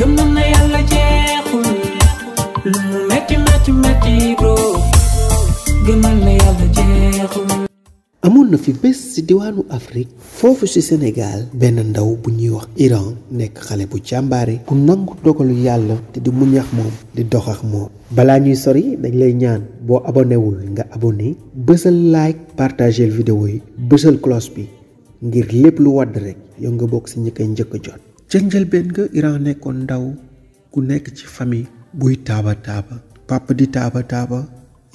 gëm ya ya fi bes ci diwanu afrique fofu ci sénégal ben ndaw bu ñuy wax iran Nek xalé bu jàmbaare ku nangu dogalu yalla te di muñax mom di dox ak mom bala ñuy sori dañ lay ñaan abonné abonewul nga abonné bësal like partager vidéo yi bësal cloche bi ngir lepp lu wad rek yo nga bok ci ñi koy jot ca njëlbeen nga Iran nekkoon ndaw ku nekk ci famille buy taaba taaba papa di taaba taaba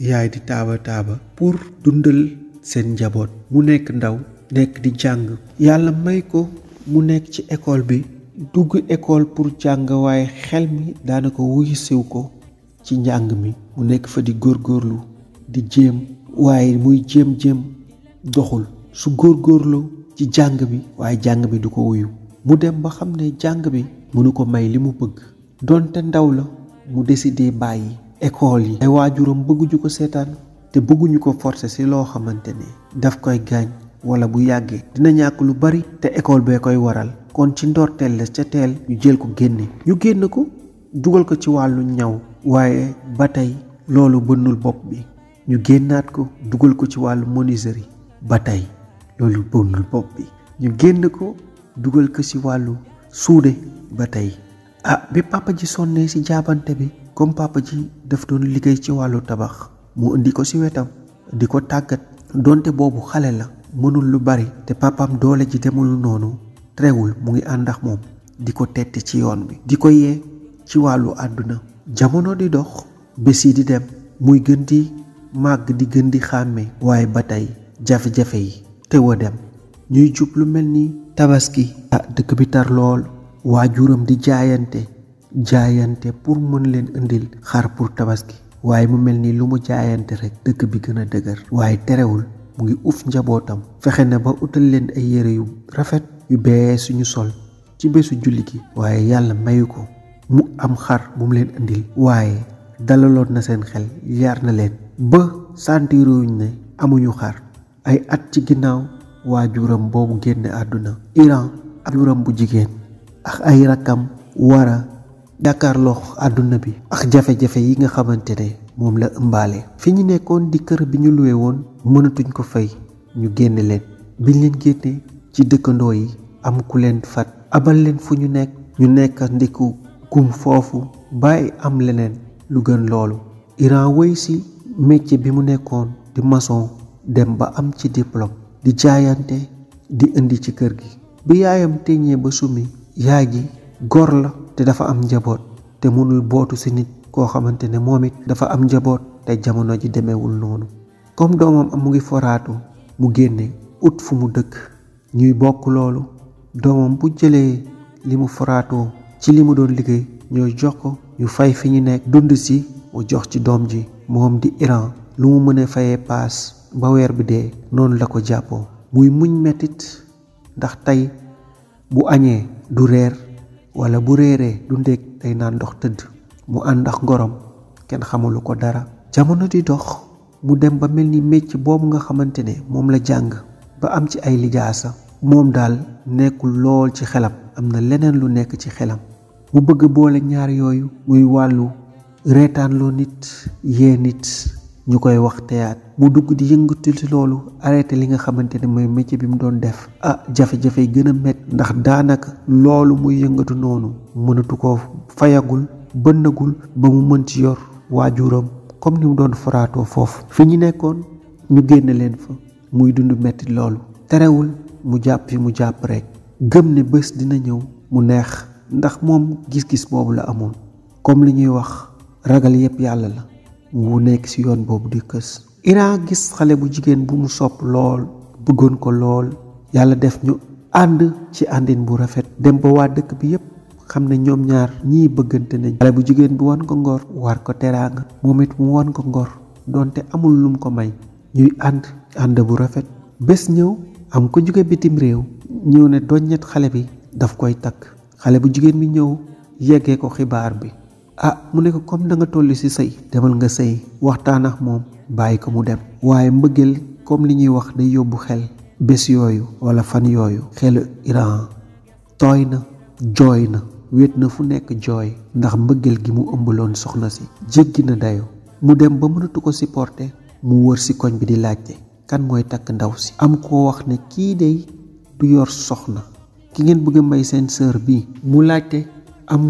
yaay di taaba taaba pour dundal seen njaboot mu nekk ndaw nekk di jàng yàlla may ko mu nekk ci ekool bi dugg ekool pour jàng waaye xel mi daanaka wuyu siw ko ci njàng mi mu nekk fa di góor góorlu di jéem waaye muy jéem jéem doxul su góor góorlu ci jàng bi waaye jàng bi du ko wuyu mu dem ba xam ne jàng bi mënu ko may li mu bëgg donte ndaw la mu deside bàyyi école yi ay waajuram bëgguñu ko seetaan te bëgguñu ko forcer si loo xamante ne daf koy gaañ wala bu yàggee dina ñàkk lu bari te école bee koy waral kon ci ndorteel la ca teel ñu jël ko génne ñu génn ko dugal ko ci wàllu ñaw waaye ba tey loolu bënnul bopp bi ñu génnaat ko dugal ko ci wàllu menuiserie ba tey loolu bënnul bopp bi ñu génn ko dugal ko ci wàllu suude ba tey ah bi papa ji sonnee ci jaabante bi comme papa ji daf doon liggéey ci wàllu tabax mu indi ko ci wetam di ko tàggat donte boobu xale la mënul lu bari te papam doole ji demul noonu terewul mu ngi ànd ak moom di ko tette ci yoon bi di ko yee ci wàllu àdduna jamono di dox bés yi di dem muy gën di màgg di gën di xàmme waaye ba tey jafe-jafe yi teew a dem ñuy jub lu mel ni tabaski ah, dëkk bi tar lool waa waajuram di jaayante jaayante pour mën leen indil xar pour tabaski waaye mu mel ni lu mu jaayante rek dëkk bi gën a dëgër waaye terewul mu ngi uf njabootam fexe na ba utal leen ay yére yu rafet yu bee suñu sol ci bésu julli gi waaye yàlla mayu ko mu am xar bu mu leen indil waaye dalaloon na seen xel yar na leen ba santiruñ ne amuñu xar ay at ci ginnaaw wajuram bobu génne aduna. Iran ak juram bu jigen ak ay rakam wara dakar jàkkaarloo aduna bi ak jafé jafé yi nga xamantene mom la ëmbaale fiñu nekkon di kër bi ñu won mënatuñ ko fay ñu genn leen biñ leen génne ci dëkkandoo yi am ku leen fat abal leen fu ñu nekk ñu nekk ndiku kum foofu bay am leneen lu gën loolu Iran wéy si métier bi mu nekkoon di maçon dem ba am ci diplôme di jaayante di indi ci kër gi bi yaayam teñee ba summi yaay ji góor la te dafa am njaboot te mënul bootu si nit koo xamante ne moom it dafa am njaboot te jamono ji demewul noonu comme doomam mu ngi foraatu mu génne ut fu mu dëkk ñuy bokk loolu doomam bu jëlee li mu foraatoo ci li mu doon liggéey ñooy jox ko ñu fay fi ñu nekk dund si mu jox ci doom ji moom di Iran lu mu mën a fayee paas ba weer bi dee noonu la ko jàppoo muy muñ mettit ndax tey bu añee du reer wala bu reeree du ndéeg tey naan ndox tëdd mu ànd ak gorom kenn xamulu ko dara jamono di dox mu dem ba mel ni mécc boobu nga xamante ne moom la jàng ba am ci ay lijaasa moom daal nekkul lool ci xelam am na leneen lu nekk ci xelam mu bëgg boole ñaar yooyu muy wàllu reetaanloo nit yee nit ñu koy wax théâtre mu dugg di yëngatul si loolu arrêté li nga xamante ne mooy métier bi mu doon def ah jafe-jafe yi gën a métti ndax daanaka loolu muy yëngatu noonu mënatu ko fayagul bënnagul ba mu mën ci yor waajuram comme ni mu doon foraatoo foofu fi ñu nekkoon ñu génn leen fa muy dund métti loolu terewul mu jàpp fi mu jàpp rek gëm ne bés dina ñëw mu neex ndax moom gis-gis boobu la amoon comme li ñuy wax ragal yépp yàlla la wu nekk ci yoon boobu di kës ina gis xale bu jigéen bu mu sopp lool bëggoon ko lool yàlla def ñu ànd ci àndin bu rafet dem ba waa dëkk bi yépp xam ne ñoom ñaar ñii bëggante nañ xale bu jigéen bi wan ko ngor war ko teraanga moom mu wan ko ngor donte amul lum ko may ñuy ànd ànd bu rafet bés ñëw am ko jóge bitim réew ñëw ne doññet xale bi daf koy takk xale bu jigéen bi ñëw yeggee ko xibaar bi ah mu ne ko comme da nga tollu ci sey demal nga sey waxtaan ak moom ko mu dem waye mbeugel comme li ñuy wax day yobbu xel bes yoyu wala fan yoyu xel iran tooy na jooy na wéet na fu nek joy ndax mbeugel gi mu ëmbaloon soxna si jéggi na dayo mu dem ba nutu ko supporter mu wër ci koñ bi di laajte kan moy tak ndaw si am ko wax ne ki day du yor soxna ki ngeen bëgg may seen sœur bi mu laajte am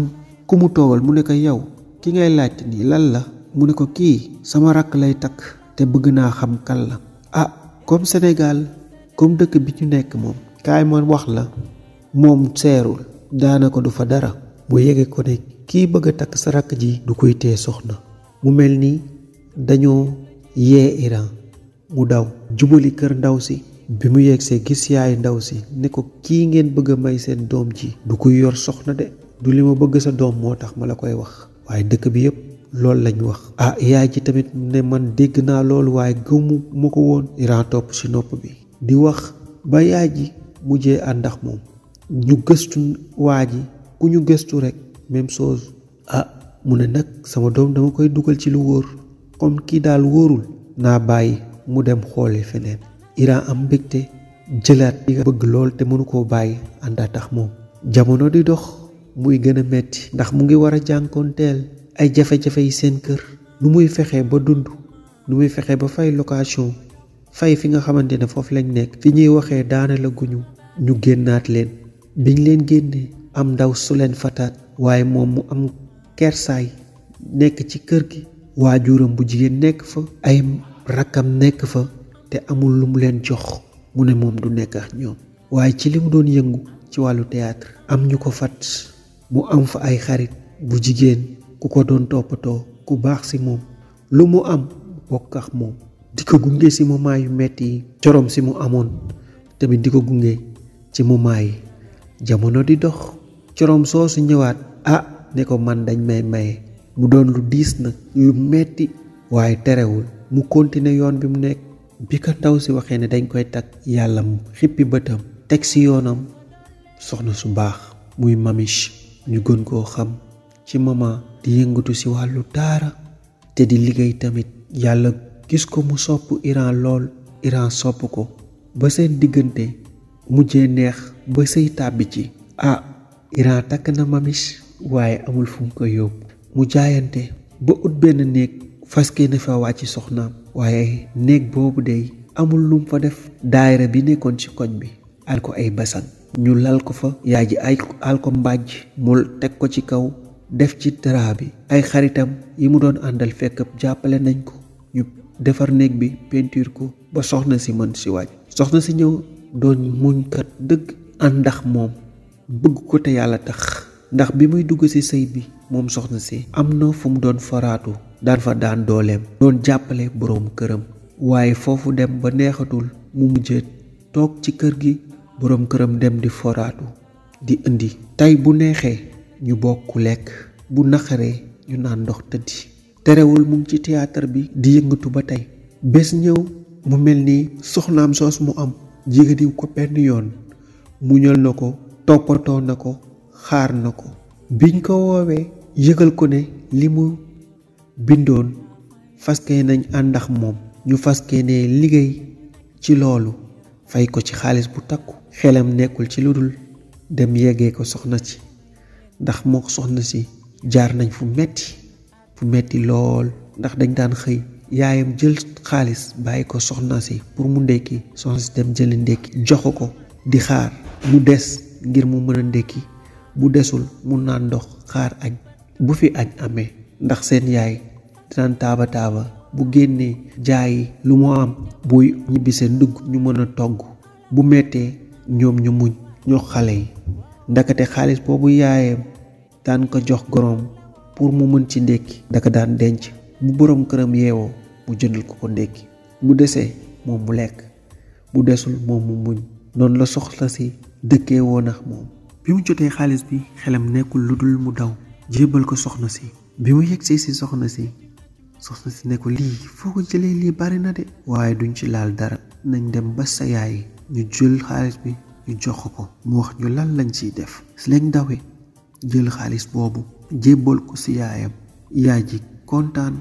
kumu togal mu ne ko yow ki ngay ni lan la mu ko ki sama rak lay tak te bëgg na xam kan la ah comme Sénégal comme dëkk bi ñu nekk moom kaay ma wax la moom seerul du fa dara mu yegge ko ne kii bëgg a takk sa rakk ji du koy tee soxna mu mel ni dañoo yee Iran mu daw jubali kër ndaw si bi mu yegsee gis yaay ndaw si ne ko kii ngeen bëgg may seen doom ji du koy yor soxna de du li ma bëgg sa doom moo tax ma la koy wax waaye dëkk bi yëpp loolu lañ wax ah yaay ji tamit ne man dégg naa loolu waaye gëmu mu ko woon Iran topp si nopp bi di wax ba yaay ji mujjee ànd ak moom ju gëstu waa ji ku ñu gëstu rek même chose ah mu ne nag sama doom dama koy dugal ci lu wóor comme kii daal wóorul naa bàyyi mu dem xooli feneen Iran am mbégte jëlaat li nga bëgg lool te mënu koo bàyyi àndaatax moom jamono di dox muy gën a metti ndax mu ngi war a jànkoonteel ay jafe-jafe yi seen kër nu muy fexe ba dund nu muy fexe ba fay location fay fi nga xamante ne foofu lañ nekk fi ñuy waxee daana la ñu génnaat leen biñ leen génnee am ndaw su leen fataat waaye moom mu am kersaay nekk ci kër gi waajuram bu jigéen nekk fa ay rakkam nekk fa te amul lu mu leen jox mu ne moom du nekk ak ñoom waaye ci li mu doon yëngu ci wàllu théâtre am ñu ko fat mu am fa ay xarit bu jigéen ku ko doon toppatoo ku baax si moom lu mu am bokk ak moom di ko gunge si moment yu metti yi corom si mu amoon tamit di ko gunge ci moment yi jamono di dox corom soosu ñëwaat ah ne ko man dañ may maye mu doon lu diis nag yu metti waaye terewul mu continuer yoon bi mu nekk bi ko ndaw si waxee ne dañ koy takk yàlla mu xippi bëtam teg si yoonam soxna su baax muy mamiche ñu gën koo xam ci maman di yëngatu ci wàllu taara te di liggéey tamit yàlla gis ko mu sopp Iran lool Iran sopp ko ba seen diggante mujjee neex ba sëy tàbbi ci ah Iran takk na mamis waaye amul fum ko yóbbu mu jaayante ba ut benn néeg faske na fa wàcc soxnaam waaye néeg boobu dey amul lum fa def daayira bi nekkoon ci koj bi al ko ay basan ñu lal ko fa yaay ji ay al mbàjj mu teg ko ci kaw def ci dara bi ay xaritam yi mu doon àndal fekk jàppale nañ ko ñu defar néeg bi peinture ko ba soxna si mën si waaj soxna si ñëw doon muñkat dëgg àndax moom bëgg ko te yàlla tax ndax bi muy dugg ci sëy bi moom soxna si am na fu mu doon faraatu daan fa daan dooleem doon jàppale boroom këram waaye foofu dem ba neexatul mu mujjee toog ci kër gi boroom këram dem di foraatu di indi tey bu neexee ñu bokk lekk bu naqaree ñu naan ndox tëddi terewul mu ci théâtre bi di yëngatu ba tey bés ñëw mu mel ni soxnaam soos mu am jégadiw ko benn yoon muñal na ko toppatoo na ko xaar na ko biñ ko woowee yëgal ko ne li mu bindoon faske nañ àndax moom ñu faskee ne liggéey ci loolu fay ko ci xaalis bu takku xelam nekkul ci lu dul dem yeggee ko soxna ci ndax mook soxna si jaar nañ fu metti fu metti lool ndax dañ daan xëy yaayam jël xaalis bàyyi ko soxna si pour mu ndékki soxna si dem jëli ndékki jox ko di xaar mu des ngir mu mën a ndékki bu desul mun naa ndox xaar añ bu fi añ amee ndax seen yaay daan taaba taaba bu génnee jaay lu mu am buy ñibbi seen dugg ñu mën a togg bu mettee ñoom ñu muñ ñoo xale yi ndakate xaalis boobu yaayam daan ko jox goroom pour mu mën ci ndékki daka daan denc bu boroom këram yeewoo mu jëndal ko ko ndékki mu desee moom mu lekk mu desul moom mu muñ noonu la soxla si dëkkee woon ak moom bi mu jotee xaalis bi xelam nekkul lu dul mu daw jébbal ko soxna si bi mu yegsee si soxna si soxna si ne ko lii foo ko jëlee lii bari na de waaye duñ ci laal dara nañ dem ba sa yaay ñu jël xaalis bi ñu jox ko mu wax ñu lan lañ ciy def si lañ dawee jël xaalis boobu jébbal ko ci yaayam yaay ji kontaan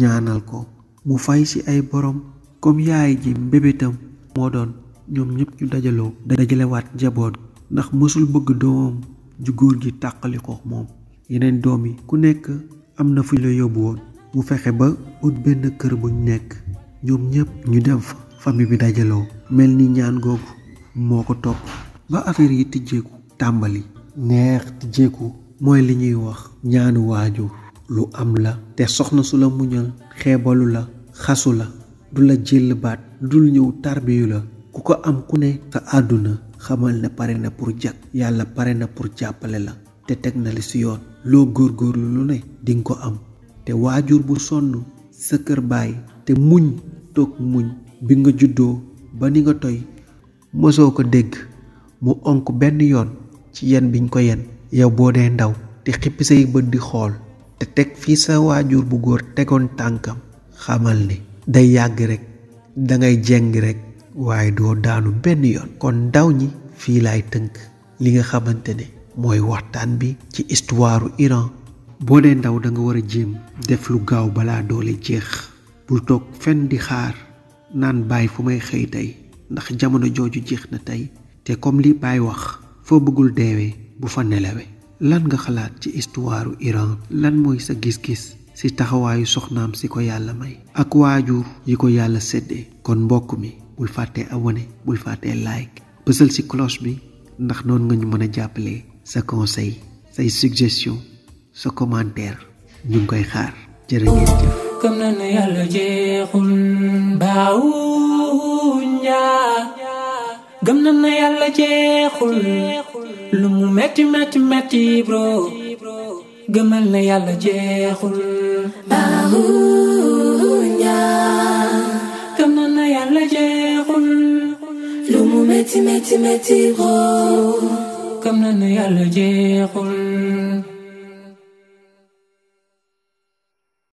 ñaanal ko mu fay ci ay borom comme yaay ji mbébétam moo doon ñoom ñëpp ñu dajaloo dajalewaat njaboot ndax mësul bëgg doomam ju góor gi tàqali ko moom yeneen doom yi ku nekk am na fu ñu la yóbbu woon bu fexe ba ut benn kër buñ nekk ñoom ñëpp ñu dem fa famille bi dajaloo mel ni ñaan googu moo ko topp ba affaire yi tijjeeku tàmbali neex tijjeeku mooy li ñuy wax ñaanu waajur lu am la te soxna su la muñal xeebalu la xasu la du la jël baat dul ñëw tarbiyu la ku ko am ku ne sa àdduna xamal ne pare na pour jag yàlla pare na pour jàppale la te teg na li si yoon loo góorgóorlu lu ne dinga ko am te waajur bu sonn sa kër baay te muñ toog muñ bi nga juddoo ba ni nga toy mosoo ko dégg mu onk benn yoon ci yen biñ ko yen yow boo dee ndaw te xippi say bët di xool te teg fii sa waajur bu góor tegoon tànkam xamal ni day yàgg rek dangay jeng rekk waaye doo daanu benn yoon kon ndaw ñi fii laay tënk li nga xamante ne mooy waxtaan bi ci istuwaaru Iran boo dee ndaw da nga war a jéem def lu gaaw balaa doole jeex bul toog fenn di xaar naan baay fu may xëy tey ndax jamono jooju jeex na tey te comme li baay wax foo bëggul deewee bu fa nelawee lan nga xalaat ci istuwaaru Iran lan mooy sa gis-gis ci taxawaayu soxnaam si ko yàlla may ak waajur yi ko yàlla séddee kon mbokk mi bul fàtte abonné bul fàtte like bësal ci cloche bi ndax noonu nga ñu mën a jàppalee sa conseil say suggestion sa commentaire ñu koy xaar jërë jëf gëm na ne yàlla jeexul baawuñ gëm na ne yàlla jeexul lu mu metti metti metti bro gëmal na yàlla jeexul baawuñ ñaar gëm na yàlla jeexul lu mu metti metti metti gëm na ne yàlla jeexul